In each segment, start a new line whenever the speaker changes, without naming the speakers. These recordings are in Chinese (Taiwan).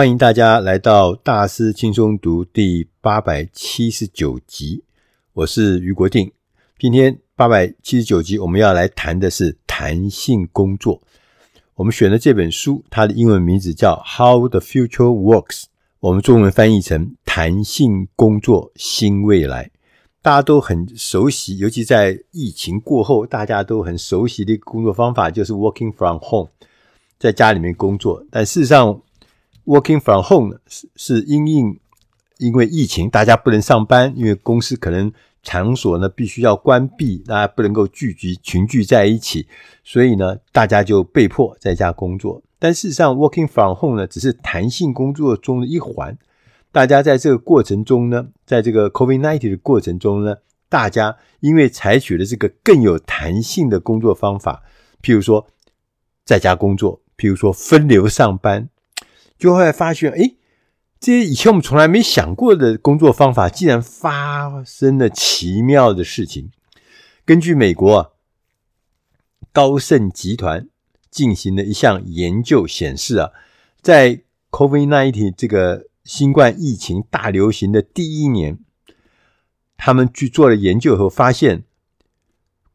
歡迎大家來到大師輕鬆讀第八百七十九集，我是於國定。今天八百七十九集，我們要來談的是彈性工作。我們選的這本書，它的英文名字叫《How the Future Works》，我們中文翻譯成“彈性工作新未來”。大家都很熟悉，尤其在疫情過後，大家都很熟悉的一個工作方法就是 “working from home”，在家裡面工作。但事實上，Working from home 是是因應因為疫情，大家不能上班，因為公司可能場所呢必須要關閉，大家不能夠聚集群聚在一起，所以呢，大家就被迫在家工作。但事實上，working from home 呢只是彈性工作中的一環。大家在這個過程中呢，在這個 COVID-19 的過程中呢，大家因為採取了這個更有彈性的工作方法，譬如說在家工作，譬如說分流上班。就會發現，誒，這些以前我們從來沒想過的工作方法，竟然發生了奇妙的事情。根據美國高盛集團進行的一項研究顯示啊，在，在 COVID-19 這個新冠疫情大流行的第一年，他們去做了研究以後發現，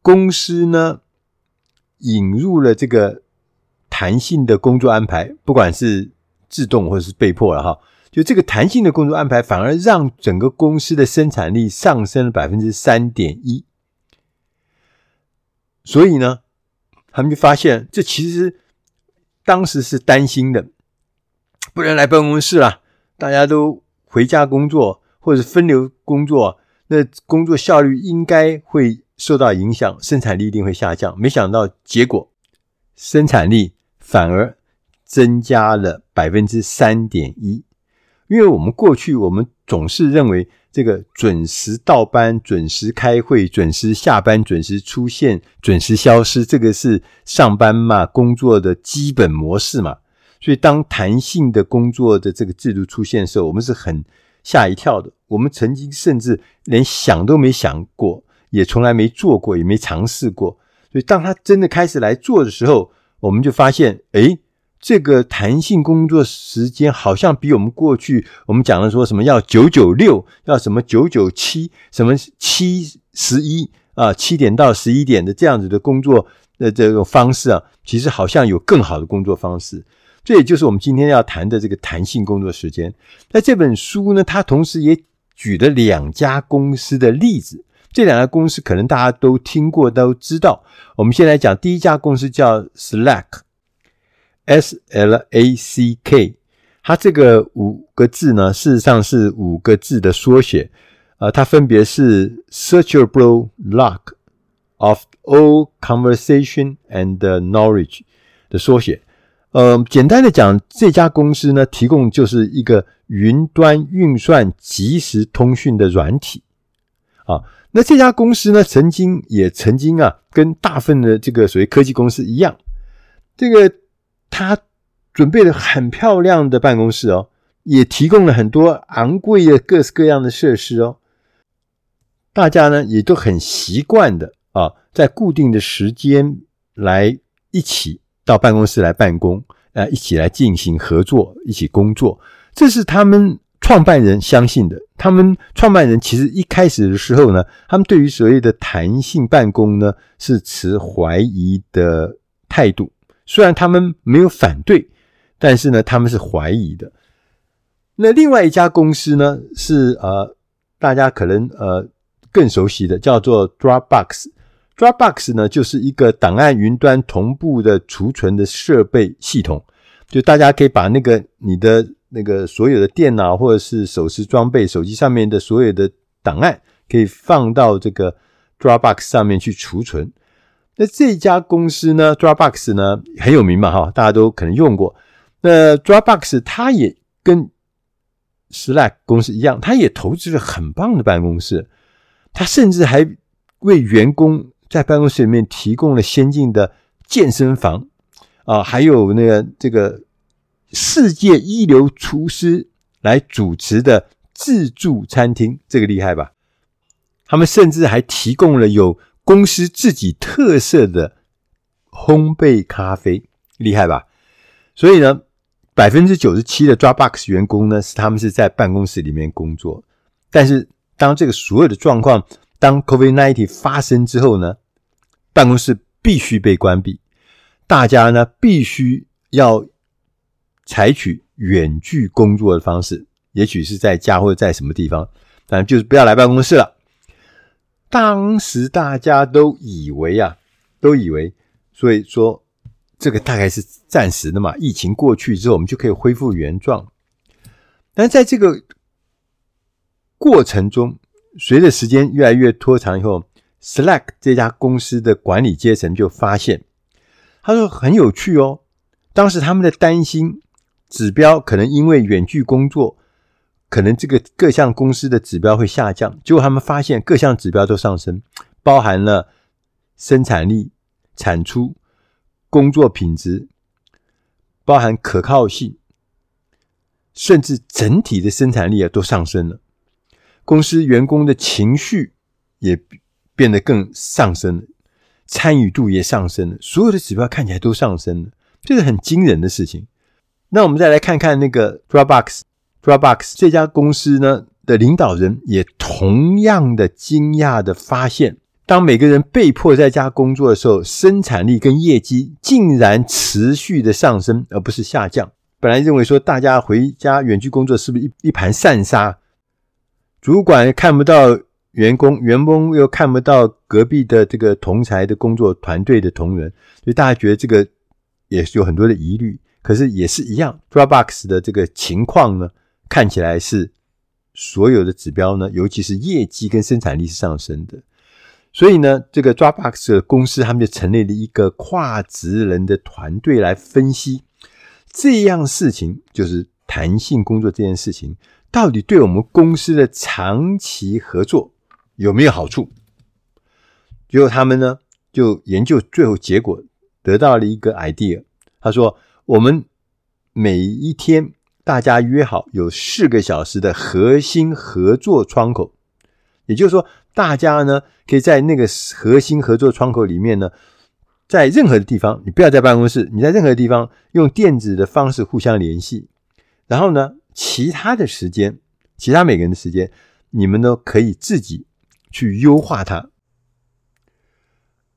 公司呢引入了這個彈性的工作安排，不管是自動或者是被迫了哈，就這個彈性的工作安排，反而讓整個公司的生產力上升了百分之三點一。所以呢，他們就發現，這其實當時是擔心的，不能來辦公室了，大家都回家工作或者分流工作，那工作效率應該會受到影響，生產力一定會下降。沒想到結果，生產力反而。增加了百分之三點一，因為我們過去我們總是認為這個準時到班、準時開會、準時下班、準時出現、準時消失，這個是上班嘛，工作的基本模式嘛。所以，當彈性的工作的這個制度出現的時候，我們是很嚇一跳的。我們曾經甚至連想都沒想過，也從來沒做過，也沒嘗試過。所以，當他真的開始來做的時候，我們就發現，哎。這個彈性工作時間好像比我們過去我們講的說什麼要九九六，要什麼九九七什麼七一一啊，七點到十一點的這樣子的工作的、呃、這種方式啊，其實好像有更好的工作方式。這也就是我們今天要談的這個彈性工作時間。那這本書呢，它同時也舉了兩家公司的例子，這兩家公司可能大家都聽過，都知道。我們先來講第一家公司叫 Slack。S, S L A C K，它這個五個字呢，事實上是五個字的縮寫。呃，它分別是 Searchable Log of All Conversation and Knowledge 的縮寫。呃，簡單的講，這家公司呢，提供就是一個雲端運算即時通訊的軟體。啊，那這家公司呢，曾經也曾經啊，跟大部分的這個所謂科技公司一樣，這個。他準備了很漂亮的辦公室哦，也提供了很多昂貴的各式各樣的設施哦。大家呢也都很習慣的啊，在固定的時間來一起到辦公室來辦公，啊，一起來進行合作，一起工作。這是他們創辦人相信的。他們創辦人其實一開始的時候呢，他們對於所謂的彈性辦公呢，是持懷疑的態度。雖然他們沒有反對，但是呢，他們是懷疑的。那另外一家公司呢，是呃，大家可能呃更熟悉的，叫做 Dropbox。Dropbox 呢，就是一個檔案雲端同步的儲存的設備系統，就大家可以把那個你的那個所有的電腦或者是手持裝備、手機上面的所有的檔案，可以放到這個 Dropbox 上面去儲存。那這一家公司呢，Dropbox 呢很有名嘛，哈，大家都可能用過。那 Dropbox 它也跟 Slack 公司一樣，它也投資了很棒的辦公室，它甚至還為員工在辦公室裡面提供了先進的健身房啊、呃，還有那個這個世界一流廚師來主持的自助餐廳，這個厲害吧？他們甚至還提供了有公司自己特色的烘焙咖啡厲害吧？所以呢，百分之九十七的 Dropbox 員工呢是他們是在辦公室裡面工作。但是當這個所有的狀況，當 COVID-19 發生之後呢，辦公室必須被關閉，大家呢必須要採取遠距工作的方式，也許是在家或者在什麼地方，但就是不要來辦公室了。當時大家都以為啊，都以為，所以說這個大概是暫時的嘛。疫情過去之後，我們就可以恢復原狀。但在這個過程中，隨着時間越來越拖長以後，Slack 這家公司的管理階層就發現，他說很有趣哦。當時他們的擔心指標可能因為遠距工作，可能這個各項公司的指標會下降，結果他們發現各項指標都上升，包含了生產力、產出、工作品質，包含可靠性，甚至整體的生產力也都上升了。公司員工的情緒也變得更上升了，參與度也上升了，所有的指標看起來都上升了，這是很驚人的事情。那我們再來看看那個 Dropbox。Dropbox 這家公司呢的領導人也同樣的驚訝的發現，當每個人被迫在家工作的時候，生產力跟業績竟然持續的上升，而不是下降。本來認為說大家回家遠距工作是不是一一盤散沙，主管看不到員工，員工又看不到隔壁的這個同才的工作團隊的同仁，所以大家覺得這個也是有很多的疑慮。可是也是一樣 Dropbox 的這個情況呢，看起來是所有的指標呢，尤其是業績跟生產力是上升的，所以呢，這個 Dropbox 的公司他們就成立了一個跨職能的團隊來分析這樣事情，就是彈性工作這件事情到底對我們公司的長期合作有沒有好處？結果他們呢就研究，最後結果得到了一個 idea。他說：“我們每一天。”大家約好有四個小時的核心合作窗口，也就是說，大家呢可以在那個核心合作窗口裡面呢，在任何的地方，你不要在辦公室，你在任何地方用電子的方式互相聯繫。然後呢，其他的時間，其他每個人的時間，你們都可以自己去優化它。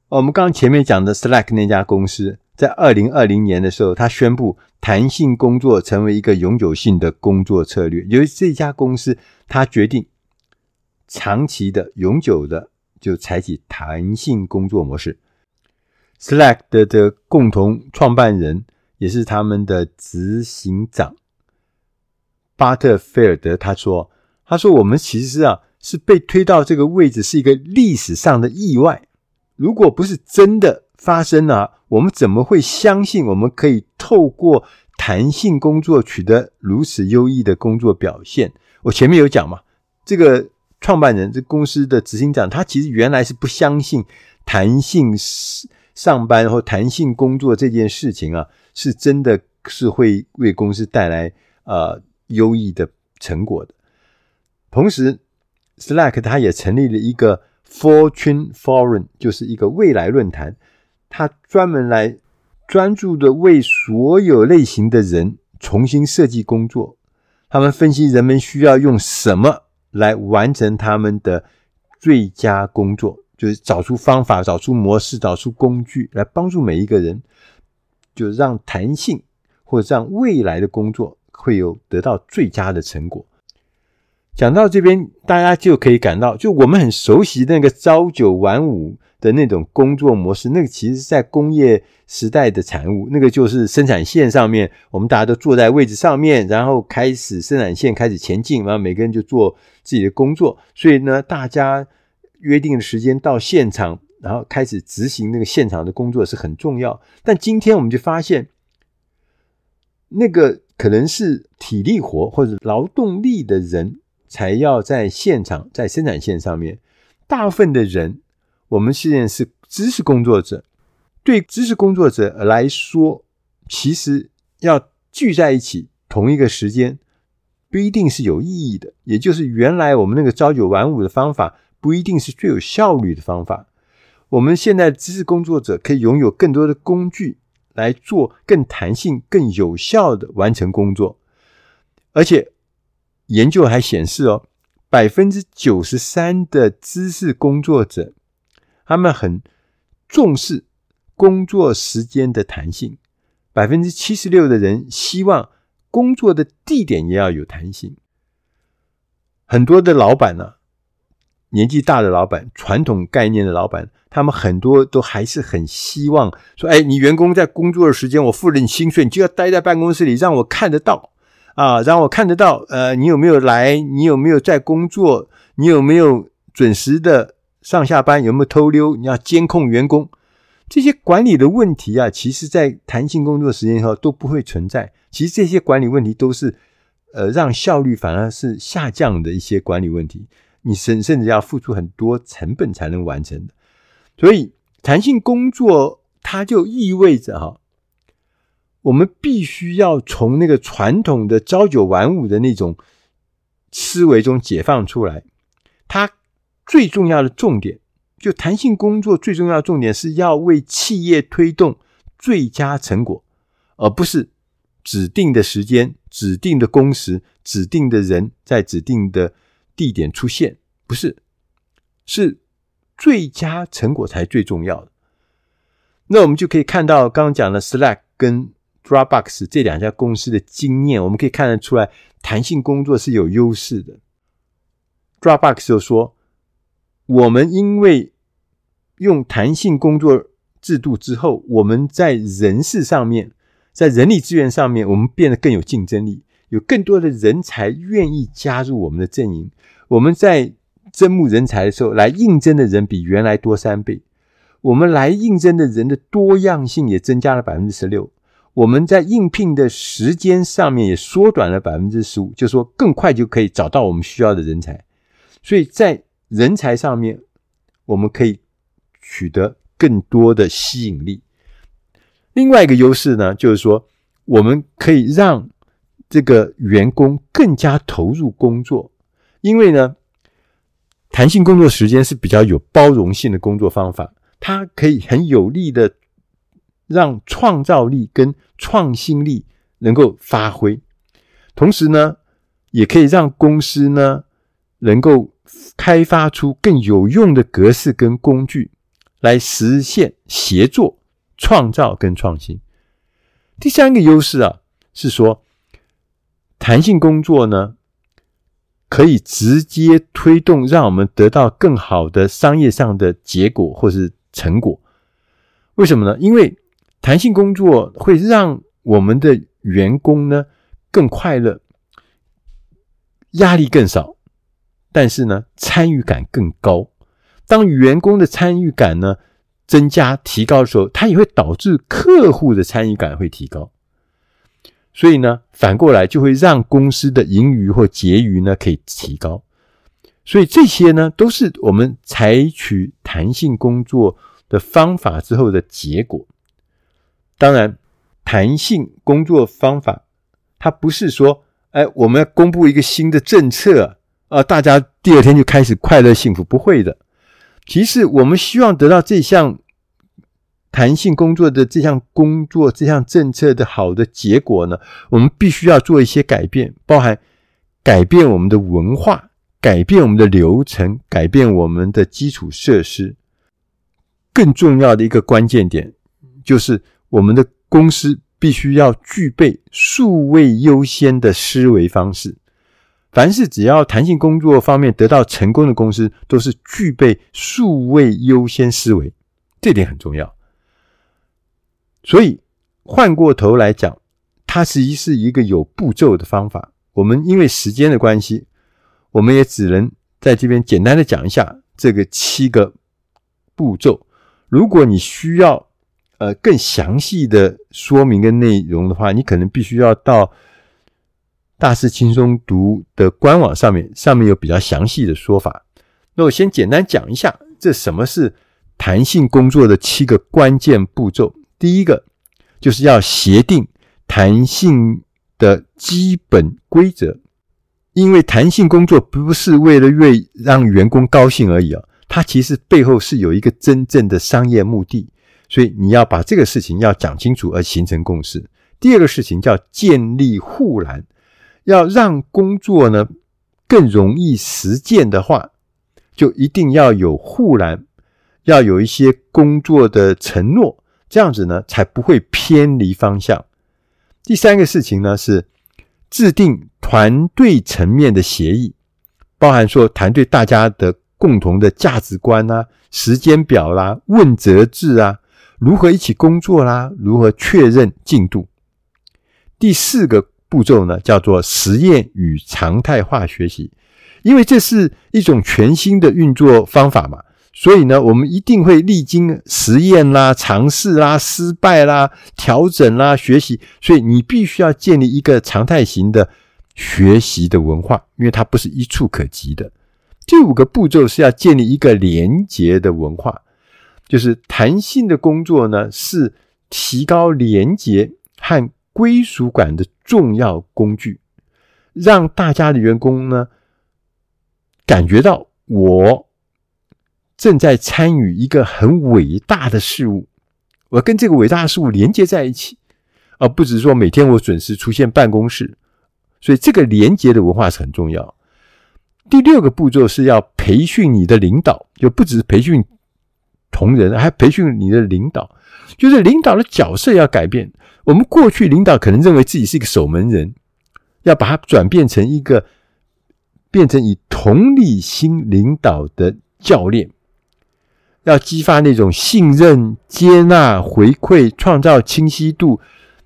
我們剛前面講的 Slack 那家公司。在二零二零年的時候，他宣布彈性工作成為一個永久性的工作策略。由於這家公司，他決定長期的、永久的就採取彈性工作模式。Slack 的，的共同創辦人也是他們的執行長巴特菲爾德，他說：“他說我們其實啊是被推到這個位置，是一個歷史上的意外。如果不是真的發生了、啊。”我們怎麼會相信我們可以透過彈性工作取得如此優異的工作表現？我前面有講嘛，這個創辦人，這公司的執行長，他其實原來是不相信彈性上班或彈性工作這件事情啊，是真的是會為公司帶來呃優異的成果的。同時，Slack 他也成立了一個 Future Forum，就是一個未來論壇。他專門來專注地為所有類型的人重新設計工作。他們分析人們需要用什麼來完成他們的最佳工作，就是找出方法、找出模式、找出工具來幫助每一個人，就讓彈性或者讓未來的工作會有得到最佳的成果。講到這邊，大家就可以感到，就我們很熟悉的那個朝九晚五。的那種工作模式，那個其實是在工業時代的產物。那個就是生產線上面，我們大家都坐在位置上面，然後開始生產線開始前進，然後每個人就做自己的工作。所以呢，大家約定的時間到現場，然後開始執行那個現場的工作是很重要。但今天我們就發現，那個可能是體力活或者勞動力的人才要在現場，在生產線上面，大部分的人。我們現在是知識工作者，對知識工作者來說，其實要聚在一起同一個時間不一定是有意義的。也就是原來我們那個朝九晚五的方法不一定是最有效率的方法。我們現在知識工作者可以擁有更多的工具來做更彈性、更有效的完成工作，而且研究還顯示哦93，百分之九十三的知識工作者，他們很重視工作時間的彈性76，百分之七十六的人希望工作的地點也要有彈性。很多的老闆呢、啊，年紀大的老闆、傳統概念的老闆，他們很多都還是很希望說：“哎，你員工在工作的時間，我付了你薪水，你就要待在辦公室裡，讓我看得到啊，讓我看得到，呃，你有沒有來？你有沒有在工作？你有沒有準時的？”上下班有沒有偷溜？你要監控員工，這些管理的問題啊，其實在彈性工作時間以後都不會存在。其實這些管理問題都是，呃，讓效率反而是下降的一些管理問題。你甚甚至要付出很多成本才能完成的。所以，彈性工作它就意味着哈、哦，我們必須要從那個傳統的朝九晚五的那種思維中解放出來。它。最重要的重點，就彈性工作最重要的重點是要為企業推動最佳成果，而不是指定的時間、指定的工時、指定的人在指定的地點出現，不是，是最佳成果才最重要的。那我們就可以看到，剛剛講的 Slack 跟 Dropbox 這兩家公司的經驗，我們可以看得出來，彈性工作是有優勢的。Dropbox 就說。我們因為用彈性工作制度之後，我們在人事上面，在人力資源上面，我們變得更有競爭力，有更多的人才願意加入我們的陣營。我們在招募人才的時候，來應徵的人比原來多三倍，我們來應徵的人的多樣性也增加了百分之十六。我們在應聘的時間上面也縮短了百分之十五，就是說更快就可以找到我們需要的人才。所以在人才上面，我們可以取得更多的吸引力。另外一個優勢呢，就是說我們可以讓這個員工更加投入工作，因為呢，彈性工作時間是比較有包容性的工作方法，它可以很有力的讓創造力跟創新力能夠發揮，同時呢，也可以讓公司呢能夠，開發出更有用的格式跟工具，來實現協作、創造跟創新。第三個優勢啊，是說彈性工作呢，可以直接推動讓我們得到更好的商業上的結果或是成果。為什麼呢？因為彈性工作會讓我們的員工呢，更快樂，壓力更少。但是呢，參與感更高。當員工的參與感呢，增加、提高的時候，它也會導致客戶的參與感會提高。所以呢，反過來就會讓公司的盈餘或結餘呢可以提高。所以這些呢，都是我們採取彈性工作的方法之後的結果。當然，彈性工作方法它不是說，哎，我們要公布一個新的政策。啊，大家第二天就開始快樂幸福，不會的。其實我們希望得到這項彈性工作的這項工作，這項政策的好的結果呢，我們必須要做一些改變，包含改變我們的文化、改變我們的流程、改變我們的基礎設施。更重要的一個關鍵點，就是我們的公司必須要具備數位優先的思維方式。凡是只要彈性工作方面得到成功的公司，都是具備數位優先思維，這點很重要。所以換過頭來講，它實際是一個有步驟的方法。我們因為時間的關係，我們也只能在這邊簡單的講一下這個七個步驟。如果你需要呃更詳細的說明跟內容的話，你可能必須要到。大師輕鬆讀的官網上面，上面有比較詳細的說法。那我先簡單講一下，這什麼是彈性工作的七個關鍵步驟。第一個就是要協定彈性的基本規則，因為彈性工作不是為了為讓員工高興而已啊，它其實背後是有一個真正的商業目的，所以你要把這個事情要講清楚而形成共識。第二個事情叫建立護欄。要讓工作呢更容易實踐的話，就一定要有護欄，要有一些工作的承諾，這樣子呢才不會偏離方向。第三個事情呢是制定團隊層面的協議，包含說團隊大家的共同的價值觀啊、時間表啦、啊、問責制啊、如何一起工作啦、啊、如何確認進度。第四個步驟呢，叫做實驗與常態化學習，因為這是一種全新的運作方法嘛，所以呢，我們一定會歷經實驗啦、嘗試啦、失敗啦、調整啦、學習，所以你必須要建立一個常態型的學習的文化，因為它不是一觸可及的。第五個步驟是要建立一個連結的文化，就是彈性的工作呢，是提高連結和。歸屬感的重要工具，讓大家的員工呢，感覺到我正在參與一個很偉大的事物，我要跟這個偉大的事物連接在一起，而不只是說每天我準時出現辦公室。所以這個連接的文化是很重要。第六個步驟是要培訓你的領導，就不只是培訓同仁，還培訓你的領導。就是領導的角色要改變。我們過去領導可能認為自己是一個守門人，要把它轉變成一個變成以同理心領導的教練，要激發那種信任、接納、回饋、創造清晰度、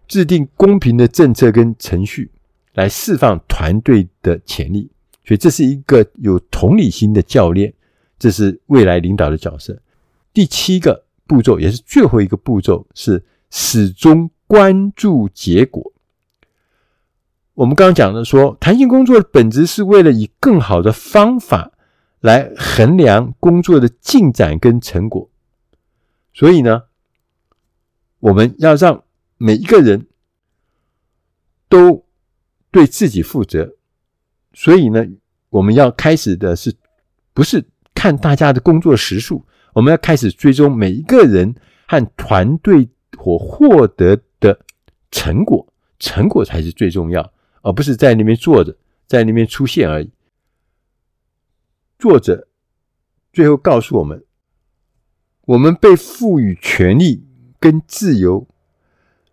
制定公平的政策跟程序，來釋放團隊的潛力。所以這是一個有同理心的教練，這是未來領導的角色。第七個。步驟也是最後一個步驟，是始終關注結果。我們剛剛講的說，彈性工作的本質是為了以更好的方法來衡量工作的進展跟成果。所以呢，我們要讓每一個人都對自己負責。所以呢，我們要開始的是，不是看大家的工作時數，我們要開始追蹤每一個人和團隊所獲得的成果，成果才是最重要，而不是在那邊坐着，在那邊出現而已。作者最後告訴我們，我們被賦予權利跟自由，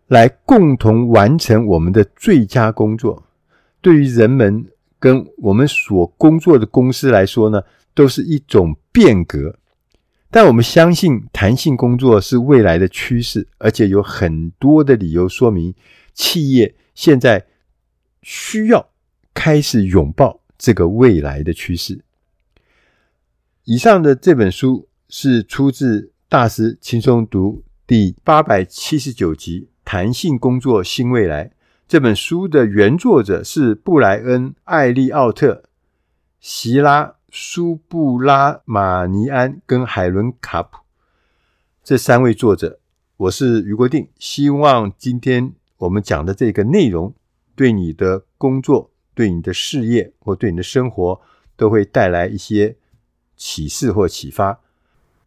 來共同完成我們的最佳工作。對於人們跟我們所工作的公司來說呢，都是一種變革。但我們相信彈性工作是未來的趨勢，而且有很多的理由說明企業現在需要開始擁抱這個未來的趨勢。以上的這本書是出自《大師輕鬆讀》第八百七十九集《彈性工作新未來》這本書的原作者是布萊恩·艾利奧特·希拉蘇布拉馬尼安跟海倫卡普這三位作者，我是余國定。希望今天我們講的這個內容，對你的工作、對你的事業或對你的生活，都會帶來一些啟示或啟發。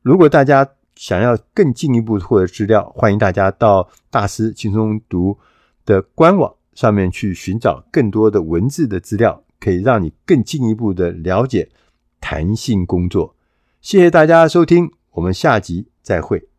如果大家想要更進一步獲得資料，歡迎大家到大師輕鬆讀的官網上面去尋找更多的文字的資料，可以讓你更進一步的了解。彈性工作，謝謝大家收聽，我們下集再會。